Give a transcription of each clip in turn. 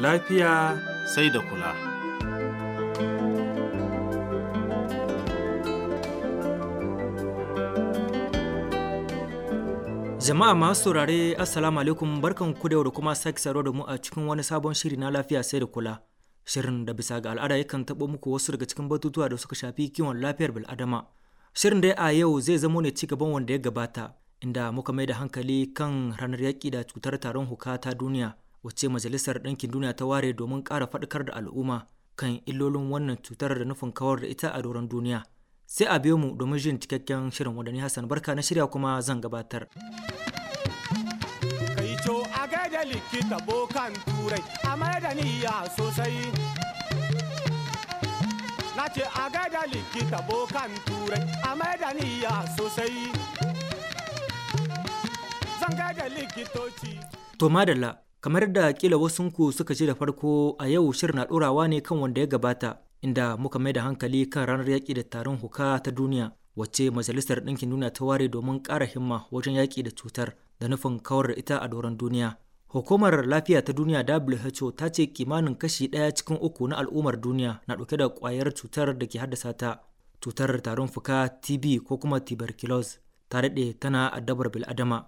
lafiya sai da kula. Jama'a masu saurare Assalamu alaikum barkan ku da yau da kuma sake saro da mu a cikin wani sabon shiri na lafiya sai da kula. Shirin da bisa ga al'ada yakan taɓo muku wasu daga cikin batutuwa da suka shafi kiwon lafiyar bil'adama. Shirin dai a yau zai zamo ne ci gaban wanda ya gabata inda muka mai da hankali kan ranar yaƙi da cutar tarin huka ta duniya wace majalisar ɗinkin duniya ta ware domin ƙara faɗakar da al'umma kan illolin wannan cutar da nufin kawar da ita a doron duniya sai a biyo mu domin jin cikakken shirin wadani hassan barka na shirya kuma zan gabatar kai a to madalla Kamar da kila wasunku suka ji da farko a yau shirin na ɗorawa ne kan wanda ya gabata inda muka mai da hankali kan ranar yaƙi da taron huka ta duniya wacce majalisar ɗinkin duniya ta ware domin ƙara himma wajen yaƙi da cutar da nufin kawar da ita a doron duniya. Hukumar lafiya ta duniya WHO ta ce kimanin kashi ɗaya cikin uku na al'ummar duniya na ɗauke da ƙwayar cutar da ke haddasa ta. Cutar tarin fuka TB ko kuma tuberculosis ta daɗe tana addabar bil'adama.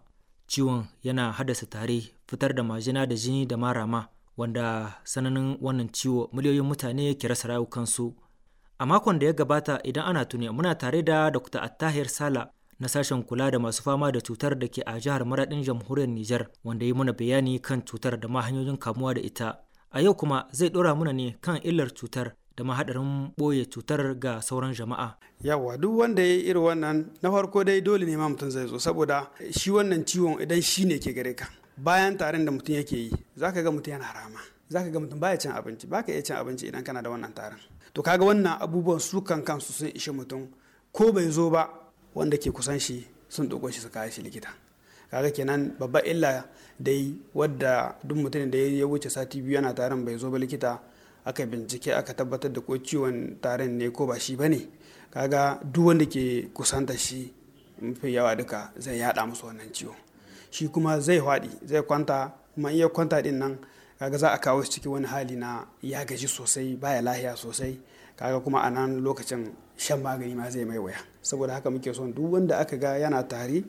Ciwon yana haddasa tari, fitar da majina da jini da marama wanda sananin wannan ciwo miliyoyin mutane ke rasa rayukansu a makon da ya gabata idan ana tuni muna tare da dr attahir sala na sashen kula da masu fama da cutar da ke a jihar maradin jamhuriyar niger wanda yi muna bayani kan cutar da ma hanyoyin kamuwa da ita a yau kuma zai dora muna ne kan illar cutar da mahadarin ɓoye cutar ga sauran jama'a. yawwa duk wanda ya yi irin wannan na farko dai dole ne ma mutum zai zo saboda shi wannan ciwon idan shi ne ke gare ka. bayan tarin da mutum yake yi za ka ga mutum yana rama za ka ga mutum baya cin abinci ba ka iya cin abinci idan kana da wannan tarin to kaga wannan abubuwan su kan kansu sun ishe mutum ko bai zo ba wanda ke kusan shi sun ɗauko shi su kawo shi likita kaga kenan babba illa dai wadda duk mutumin da ya wuce sati biyu yana tarin bai zo ba likita aka bincike aka tabbatar da ko ciwon tarin ne ko ba shi ba ne kaga duk wanda ke kusanta shi mafi yawa duka zai yada musu wannan ciwo. shi kuma zai haɗi zai kwanta kuma in kwanta din nan kaga za a kawo shi cikin wani hali na ya gaji sosai baya lahiya sosai kaga kuma a nan lokacin shan magani ma zai mai waya saboda haka muke son duk wanda aka ga yana tari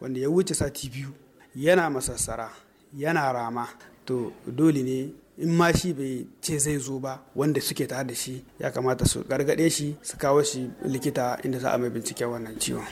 wanda ya wuce sati biyu yana masassara yana rama to dole ne in ma shi bai ce zai zo ba wanda suke tare da shi ya kamata su gargaɗe shi su kawo shi likita inda za a mai bincike wannan ciwon.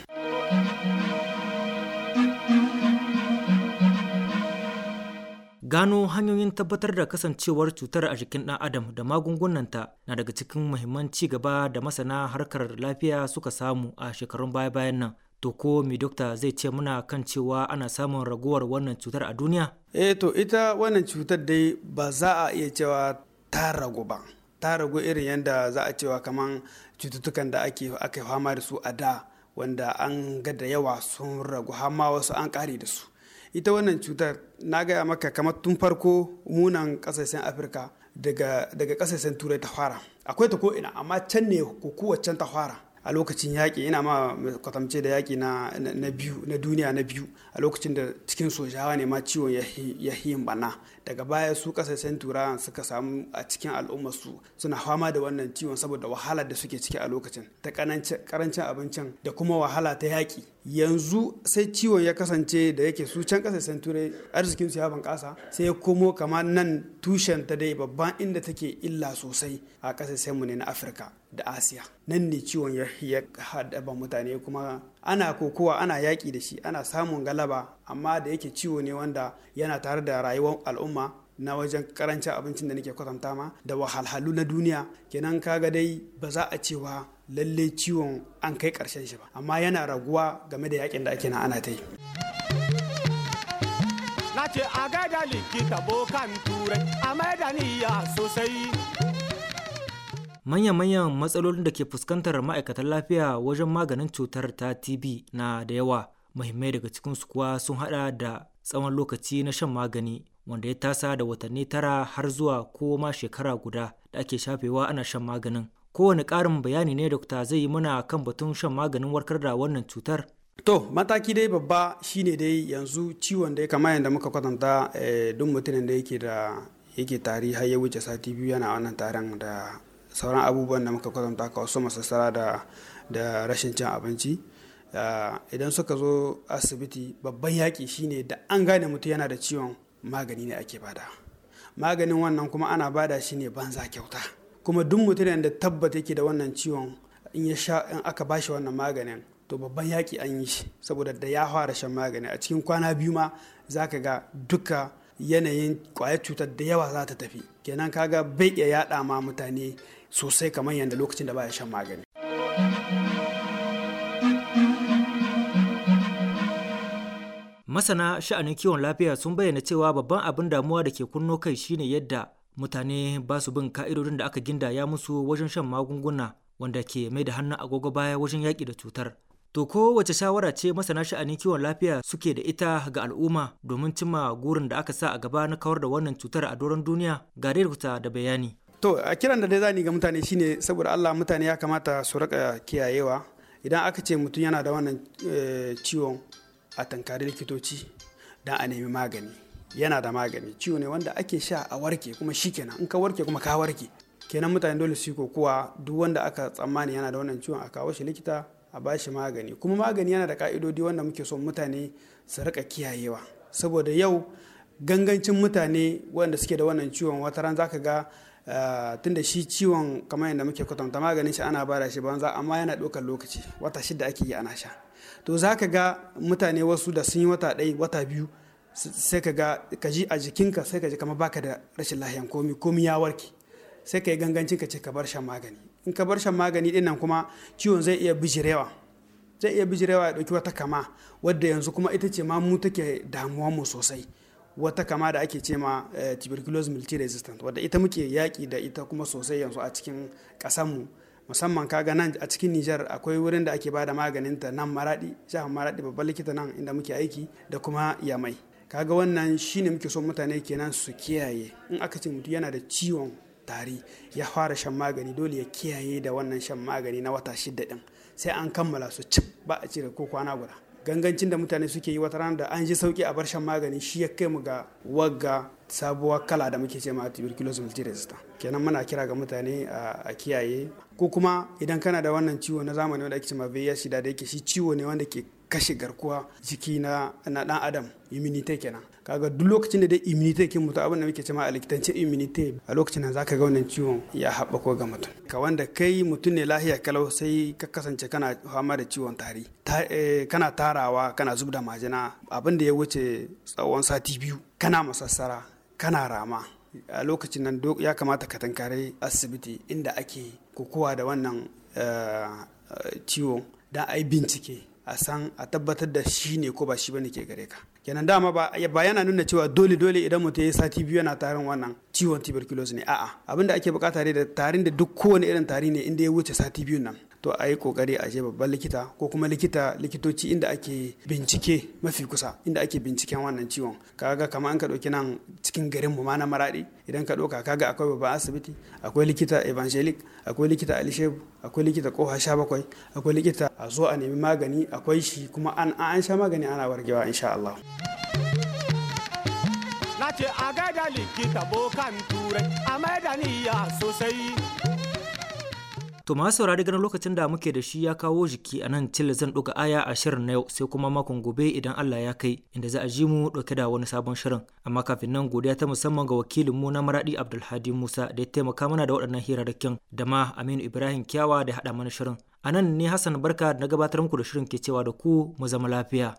Gano hanyoyin tabbatar da kasancewar cutar a jikin ɗan adam da magungunanta na daga cikin muhimman ci gaba da masana harkar lafiya suka samu a shekarun baya-bayan nan. To ko mai dokta zai ce muna kan cewa ana samun raguwar wannan cutar a duniya? Eh to ita wannan cutar dai ba za a iya cewa ta ragu ba. Ta ragu irin yadda za a cewa kamar cututtukan da ake aka fama da su a da wanda an ga da yawa sun ragu har ma wasu an kare da su. ita wannan cutar na gaya maka kamar tun farko munan kasashen afirka daga kasashen turai ta fara akwai ta ko ina amma can ne can ta fara a lokacin yaƙi ina ma kwatamce da yaƙi na, biyu na duniya na biyu a lokacin da cikin sojawa ne ma ciwon ya yin bana daga baya su kasashen turawan suka samu a cikin al'ummarsu suna fama da wannan ciwon saboda wahala da suke ciki a lokacin ta karancin abincin da kuma wahala ta yaƙi yanzu sai ciwon ya kasance da yake su can kasashen turai arzikin su ya bunƙasa sai ya komo kamar nan tushen ta dai babban inda take illa sosai a kasashen mu ne na afirka da asiya nan ne ciwon ya haɗaba mutane kuma ana kokowa ana yaƙi da shi ana samun galaba amma da yake ciwo ne wanda yana tare da rayuwar al'umma na wajen karancin abincin da nake kwatanta ma da wahalhalu na duniya kenan kaga dai ba za a cewa lalle ciwon an kai ƙarshen shi ba amma yana raguwa game da yakin da ake na ana ta yi na ce a gaida likita bokan turai a maidaniya sosai manya-manyan matsalolin da ke fuskantar ma'aikatan lafiya wajen maganin cutar ta tb na da yawa muhimmai daga cikinsu kuwa sun hada da tsawon lokaci na shan magani wanda ya tasa da watanni tara har zuwa ko ma shekara guda da ake shafewa ana shan maganin kowane ƙarin bayani ne dokta zai yi mana kan batun shan maganin warkar da wannan cutar to mataki dai babba shine dai yanzu ciwon da ya kama yadda muka kwatanta eh, duk mutumin da yake da yake tari har ya wuce sati biyu yana wannan taron da sauran abubuwan da muka kwatanta ka wasu masassara da da rashin cin abinci idan suka zo asibiti babban yaƙi shine da an gane mutum yana da ciwon magani ne ake bada maganin wannan kuma ana bada shi ne banza kyauta kuma duk mutumin da tabbata yake da wannan ciwon in ya sha in aka bashi wannan maganin to babban yaki an yi shi saboda da ya fara shan magani a cikin kwana biyu ma za ka ga duka yanayin kwayar cutar da yawa za ta tafi kenan kaga bai iya yaɗa ma mutane sosai kamar yadda lokacin da baya shan magani masana sha'anin kiwon lafiya sun bayyana cewa babban abin damuwa da ke kunno kai shine yadda mutane ba su bin ka'idodin da aka ginda ya musu wajen shan magunguna wanda ke mai da hannun agogo baya wajen yaƙi da cutar to kowace shawara ce masana sha'anin kiwon lafiya suke da ita ga al'umma domin cimma gurin da aka sa a gaba na kawar da wannan cutar a doron duniya ga rubuta da bayani to a kiran da dai zani ga mutane shine saboda Allah mutane ya kamata su raka kiyayewa idan aka ce mutum yana da wannan eh, ciwon a tankari likitoci don a nemi magani yana da magani ciwo ne wanda ake sha a warke kuma shikenan in ka warke kuma ka warke kenan mutane dole su ko kuwa duk wanda aka tsammani yana da wannan ciwon a kawo shi likita a ba shi magani kuma magani yana da ka'idodi wanda muke son mutane su rika kiyayewa saboda yau gangancin mutane wanda suke da wannan ciwon wata ran zaka ga eh, tun da shi ciwon kamar yadda muke kwatanta maganin shi ana bada shi banza amma yana ɗaukar lokaci wata shida ake yi ana sha to zaka ga mutane wasu da sun yi wata ɗaya wata biyu sai ka ga ka ji a jikinka sai ka ji kamar baka da rashin lahiyan komi komi ya warke sai ka yi gangancin ka ce ka bar shan magani in ka bar shan magani dinnan kuma ciwon zai iya bijirewa zai iya bijirewa ya dauki wata kama wadda yanzu kuma ita ce ma mu take damuwa mu sosai wata kama da ake ce ma eh, tuberculosis multi resistant wadda ita muke yaki da ita kuma sosai yanzu a cikin kasan mu musamman kaga nan a cikin Nijar akwai wurin da ake bada maganin ta nan Maradi jihar Maradi babban likita nan inda muke aiki da kuma Yamai kaga wannan shine muke son mutane kenan su kiyaye in aka ce mutum yana da ciwon tari ya fara shan magani dole ya kiyaye da wannan shan magani na wata shida din sai an kammala su cip ba a cire ko kwana guda gangancin da mutane suke yi wata rana da an ji sauki a bar shan magani shi ya kai mu ga wagga sabuwa kala da muke ce ma tuberculosis multiresistant kenan muna kira ga mutane a kiyaye ko kuma idan kana da wannan ciwo na zamani wanda ake ce ma VIH da yake shi ciwo ne wanda ke kashe garkuwa jiki na na dan adam immunity kenan kaga duk lokacin da dai immunity ke mutu abin da muke cewa a likitance immunity a lokacin nan zaka ga wannan ciwon ya ko ga mutum ka wanda kai mutum ne lahiya kalau sai ka kasance kana fama da ciwon tari eh, kana tarawa kana zub da majina abin da ya wuce tsawon sati biyu kana masassara kana rama a lokacin nan ya kamata ka tankare asibiti inda ake kokowa da wannan eh, eh, ciwo Da a yi bincike a san a tabbatar da shi ne ko ba shi bane ke gare ka kenan dama ba ba yana nuna cewa dole dole idan mutum ya sati biyu yana tarin wannan ciwon tuberculosis ne a'a abin da ake bukata ne da tarin da duk kowane irin tari ne inda ya wuce sati biyu nan to a yi kokari a je babban likita ko kuma likita likitoci inda ake bincike mafi kusa inda ake binciken wannan ciwon kaga kamar an ka ɗauki nan cikin garin mu ma na maraɗi idan ka ɗauka kaga akwai babban asibiti akwai likita evangelic akwai likita alishebu akwai likita koha sha bakwai akwai likita a zo a nemi magani akwai shi kuma an an sha magani ana wargewa insha Allah. Na ce a gaida likita bokan turai a maida niyya sosai To ma saurari ganin lokacin da muke da shi ya kawo jiki a nan cile zan ɗuga aya a shirin na yau sai kuma makon gobe idan Allah ya kai inda za a ji mu ɗauke da wani sabon shirin. Amma kafin nan godiya ta musamman ga wakilin mu na maraɗi Abdulhadi Musa da ya taimaka mana da waɗannan hirarrakin da ma Aminu Ibrahim Kyawa da ya haɗa mana shirin. A nan ne Hassan Barka na gabatar muku da shirin ke cewa da ku mu zama lafiya.